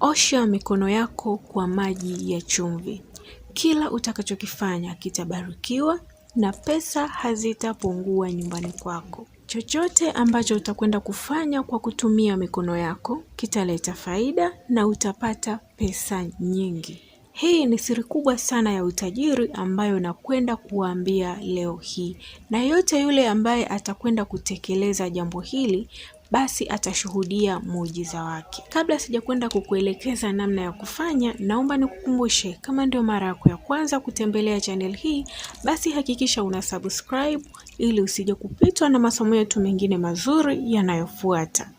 Osha mikono yako kwa maji ya chumvi. Kila utakachokifanya kitabarikiwa na pesa hazitapungua nyumbani kwako. Chochote ambacho utakwenda kufanya kwa kutumia mikono yako kitaleta faida na utapata pesa nyingi. Hii ni siri kubwa sana ya utajiri ambayo nakwenda kuambia leo hii, na yote yule ambaye atakwenda kutekeleza jambo hili basi atashuhudia muujiza wake. Kabla sijakwenda kukuelekeza namna ya kufanya, naomba nikukumbushe, kama ndio mara yako ya kwanza kutembelea channel hii, basi hakikisha una subscribe ili usije kupitwa na masomo yetu mengine mazuri yanayofuata.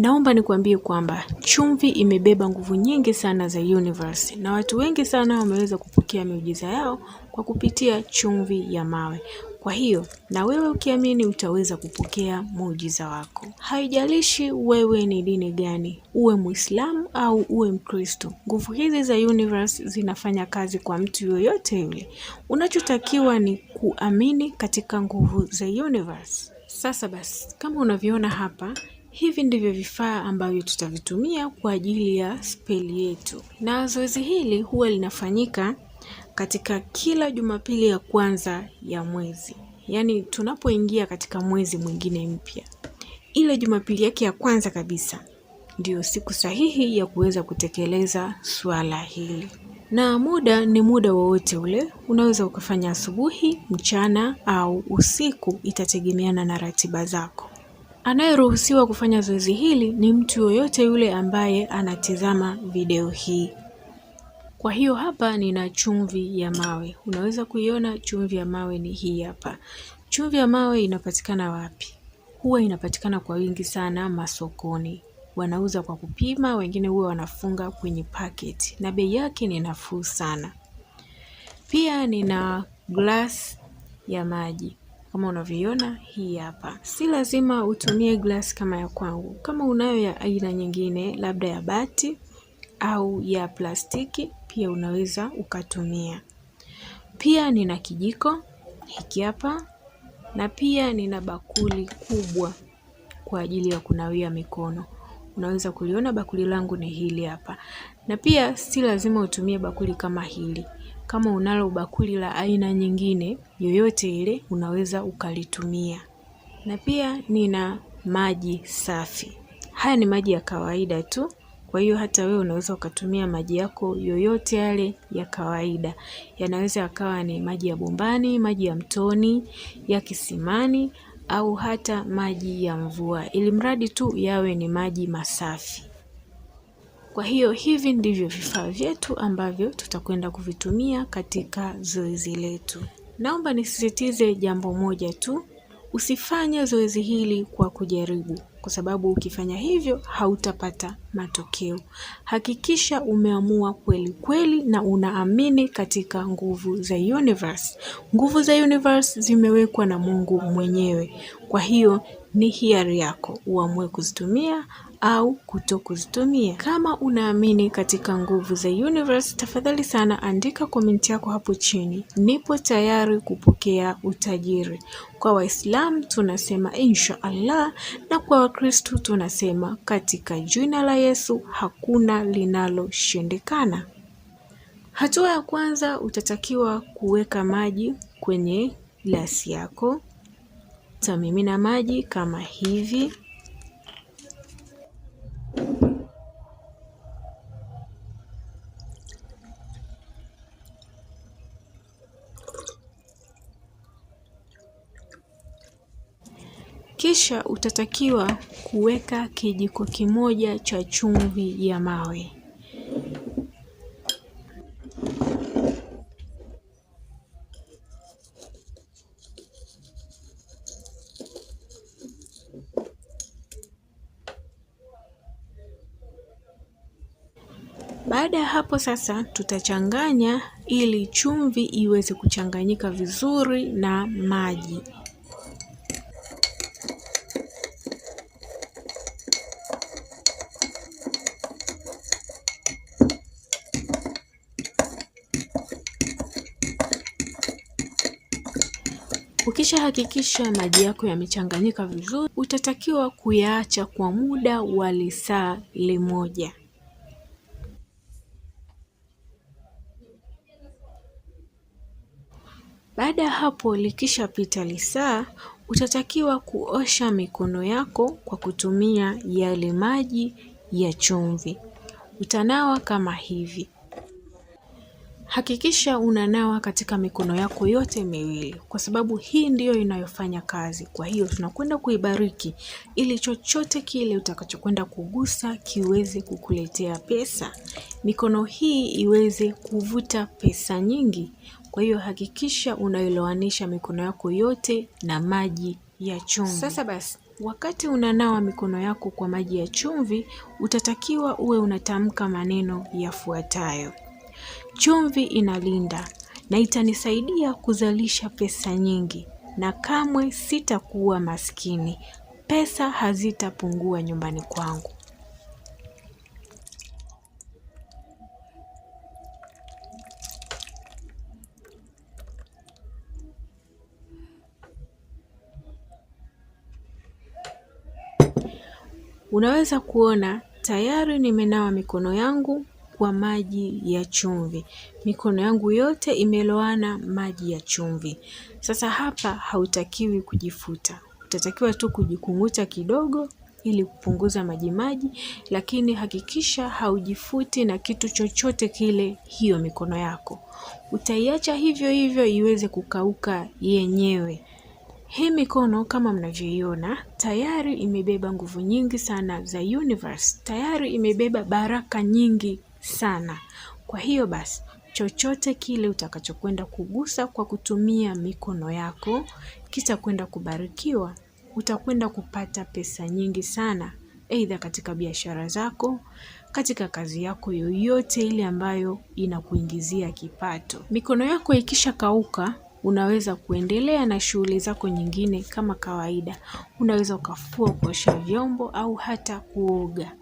Naomba nikuambie kwamba chumvi imebeba nguvu nyingi sana za universe na watu wengi sana wameweza kupokea miujiza yao kwa kupitia chumvi ya mawe. Kwa hiyo na wewe ukiamini utaweza kupokea muujiza wako. Haijalishi wewe ni dini gani, uwe Muislamu au uwe Mkristo, nguvu hizi za universe zinafanya kazi kwa mtu yoyote yule. Unachotakiwa ni kuamini katika nguvu za universe. Sasa basi, kama unavyoona hapa Hivi ndivyo vifaa ambavyo tutavitumia kwa ajili ya speli yetu, na zoezi hili huwa linafanyika katika kila Jumapili ya kwanza ya mwezi, yaani tunapoingia katika mwezi mwingine mpya, ile Jumapili yake ya kwanza kabisa ndiyo siku sahihi ya kuweza kutekeleza suala hili, na muda ni muda wowote ule. Unaweza ukafanya asubuhi, mchana au usiku, itategemeana na ratiba zako. Anayeruhusiwa kufanya zoezi hili ni mtu yoyote yule ambaye anatizama video hii. Kwa hiyo hapa nina chumvi ya mawe, unaweza kuiona chumvi ya mawe ni hii hapa. Chumvi ya mawe inapatikana wapi? Huwa inapatikana kwa wingi sana masokoni, wanauza kwa kupima, wengine huwa wanafunga kwenye paketi na bei yake ni nafuu sana. Pia nina glass ya maji kama unavyoiona hii hapa. Si lazima utumie glasi kama ya kwangu. Kama unayo ya aina nyingine, labda ya bati au ya plastiki, pia unaweza ukatumia. Pia nina kijiko hiki hapa, na pia nina bakuli kubwa kwa ajili ya kunawia mikono. Unaweza kuliona bakuli langu ni hili hapa, na pia si lazima utumie bakuli kama hili. Kama unalo bakuli la aina nyingine yoyote ile unaweza ukalitumia. Na pia nina maji safi. Haya ni maji ya kawaida tu, kwa hiyo hata wewe unaweza ukatumia maji yako yoyote yale ya kawaida. Yanaweza yakawa ni maji ya bombani, maji ya mtoni, ya kisimani au hata maji ya mvua, ili mradi tu yawe ni maji masafi. Kwa hiyo hivi ndivyo vifaa vyetu ambavyo tutakwenda kuvitumia katika zoezi letu. Naomba nisisitize jambo moja tu, usifanye zoezi hili kwa kujaribu, kwa sababu ukifanya hivyo hautapata matokeo. Hakikisha umeamua kweli kweli na unaamini katika nguvu za universe. Nguvu za universe zimewekwa na Mungu mwenyewe. Kwa hiyo ni hiari yako uamue kuzitumia au kuto kuzitumia. Kama unaamini katika nguvu za universe, tafadhali sana andika komenti yako hapo chini. Nipo tayari kupokea utajiri. Kwa waislam tunasema insha Allah, na kwa Wakristu tunasema katika jina la Yesu hakuna linaloshindikana. Hatua ya kwanza, utatakiwa kuweka maji kwenye glasi yako. Tutamimina maji kama hivi. Kisha utatakiwa kuweka kijiko kimoja cha chumvi ya mawe. Baada ya hapo sasa tutachanganya ili chumvi iweze kuchanganyika vizuri na maji. Ukishahakikisha maji yako yamechanganyika vizuri, utatakiwa kuyaacha kwa muda wa lisaa limoja. Baada ya hapo likishapita lisaa utatakiwa kuosha mikono yako kwa kutumia yale maji ya chumvi. Utanawa kama hivi. Hakikisha unanawa katika mikono yako yote miwili, kwa sababu hii ndiyo inayofanya kazi. Kwa hiyo tunakwenda kuibariki ili chochote kile utakachokwenda kugusa kiweze kukuletea pesa, mikono hii iweze kuvuta pesa nyingi kwa hiyo hakikisha unailoanisha mikono yako yote na maji ya chumvi. Sasa basi, wakati unanawa mikono yako kwa maji ya chumvi, utatakiwa uwe unatamka maneno yafuatayo: chumvi inalinda na itanisaidia kuzalisha pesa nyingi, na kamwe sitakuwa maskini. Pesa hazitapungua nyumbani kwangu. Unaweza kuona tayari nimenawa mikono yangu kwa maji ya chumvi. Mikono yangu yote imeloana maji ya chumvi. Sasa hapa hautakiwi kujifuta, utatakiwa tu kujikung'uta kidogo ili kupunguza majimaji, lakini hakikisha haujifuti na kitu chochote kile hiyo mikono yako. Utaiacha hivyo hivyo iweze kukauka yenyewe. Hii mikono kama mnavyoiona tayari imebeba nguvu nyingi sana za universe, tayari imebeba baraka nyingi sana. Kwa hiyo basi, chochote kile utakachokwenda kugusa kwa kutumia mikono yako kitakwenda kubarikiwa. Utakwenda kupata pesa nyingi sana, aidha katika biashara zako, katika kazi yako yoyote ile ambayo inakuingizia kipato. Mikono yako ikishakauka unaweza kuendelea na shughuli zako nyingine kama kawaida. Unaweza ukafua, kuosha vyombo au hata kuoga.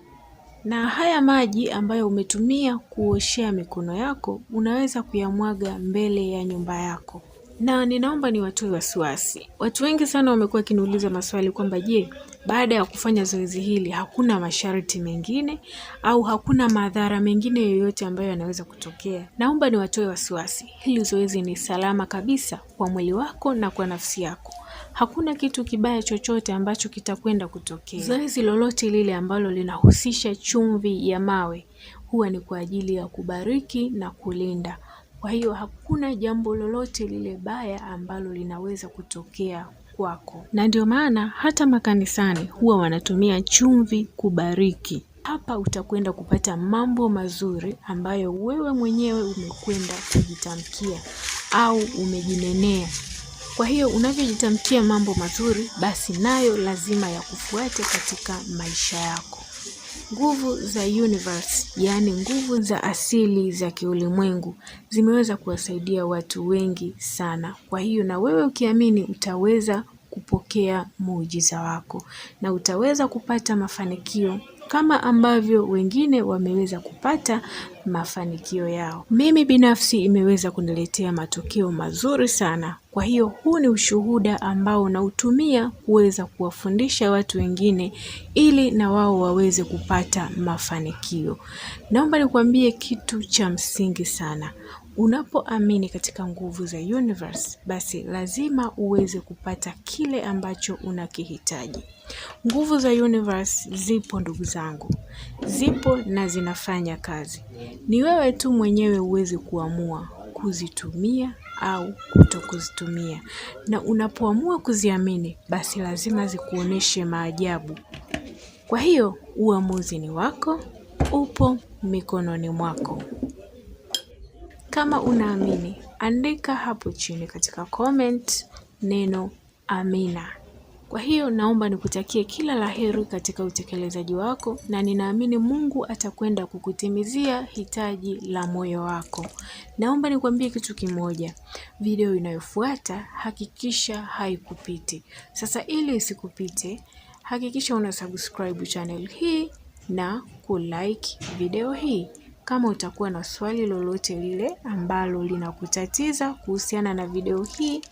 Na haya maji ambayo umetumia kuoshea mikono yako unaweza kuyamwaga mbele ya nyumba yako na ninaomba niwatoe wasiwasi. Watu wengi sana wamekuwa wakiniuliza maswali kwamba je, baada ya kufanya zoezi hili hakuna masharti mengine au hakuna madhara mengine yoyote ambayo yanaweza kutokea? Naomba niwatoe wasiwasi, hili zoezi ni salama kabisa kwa mwili wako na kwa nafsi yako. Hakuna kitu kibaya chochote ambacho kitakwenda kutokea. Zoezi lolote lile ambalo linahusisha chumvi ya mawe huwa ni kwa ajili ya kubariki na kulinda. Kwa hiyo hakuna jambo lolote lile baya ambalo linaweza kutokea kwako, na ndio maana hata makanisani huwa wanatumia chumvi kubariki. Hapa utakwenda kupata mambo mazuri ambayo wewe mwenyewe umekwenda kujitamkia au umejinenea. Kwa hiyo unavyojitamkia mambo mazuri, basi nayo lazima yakufuate katika maisha yako. Nguvu za universe, yaani nguvu za asili za kiulimwengu zimeweza kuwasaidia watu wengi sana. Kwa hiyo na wewe ukiamini utaweza kupokea muujiza wako na utaweza kupata mafanikio kama ambavyo wengine wameweza kupata mafanikio yao. Mimi binafsi imeweza kuniletea matokeo mazuri sana. Kwa hiyo huu ni ushuhuda ambao nautumia kuweza kuwafundisha watu wengine ili na wao waweze kupata mafanikio. Naomba nikwambie kitu cha msingi sana. Unapoamini katika nguvu za universe, basi lazima uweze kupata kile ambacho unakihitaji. Nguvu za universe zipo ndugu zangu, zipo na zinafanya kazi. Ni wewe tu mwenyewe uweze kuamua kuzitumia au kuto kuzitumia, na unapoamua kuziamini, basi lazima zikuoneshe maajabu. Kwa hiyo uamuzi ni wako, upo mikononi mwako. Kama unaamini, andika hapo chini katika comment neno amina. Kwa hiyo naomba nikutakie kila la heri katika utekelezaji wako, na ninaamini Mungu atakwenda kukutimizia hitaji la moyo wako. Naomba nikwambie kitu kimoja, video inayofuata hakikisha haikupiti. Sasa ili isikupite, hakikisha una subscribe channel hii na kulike video hii. Kama utakuwa na swali lolote lile ambalo linakutatiza kuhusiana na video hii,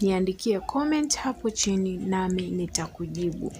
niandikie comment hapo chini nami nitakujibu.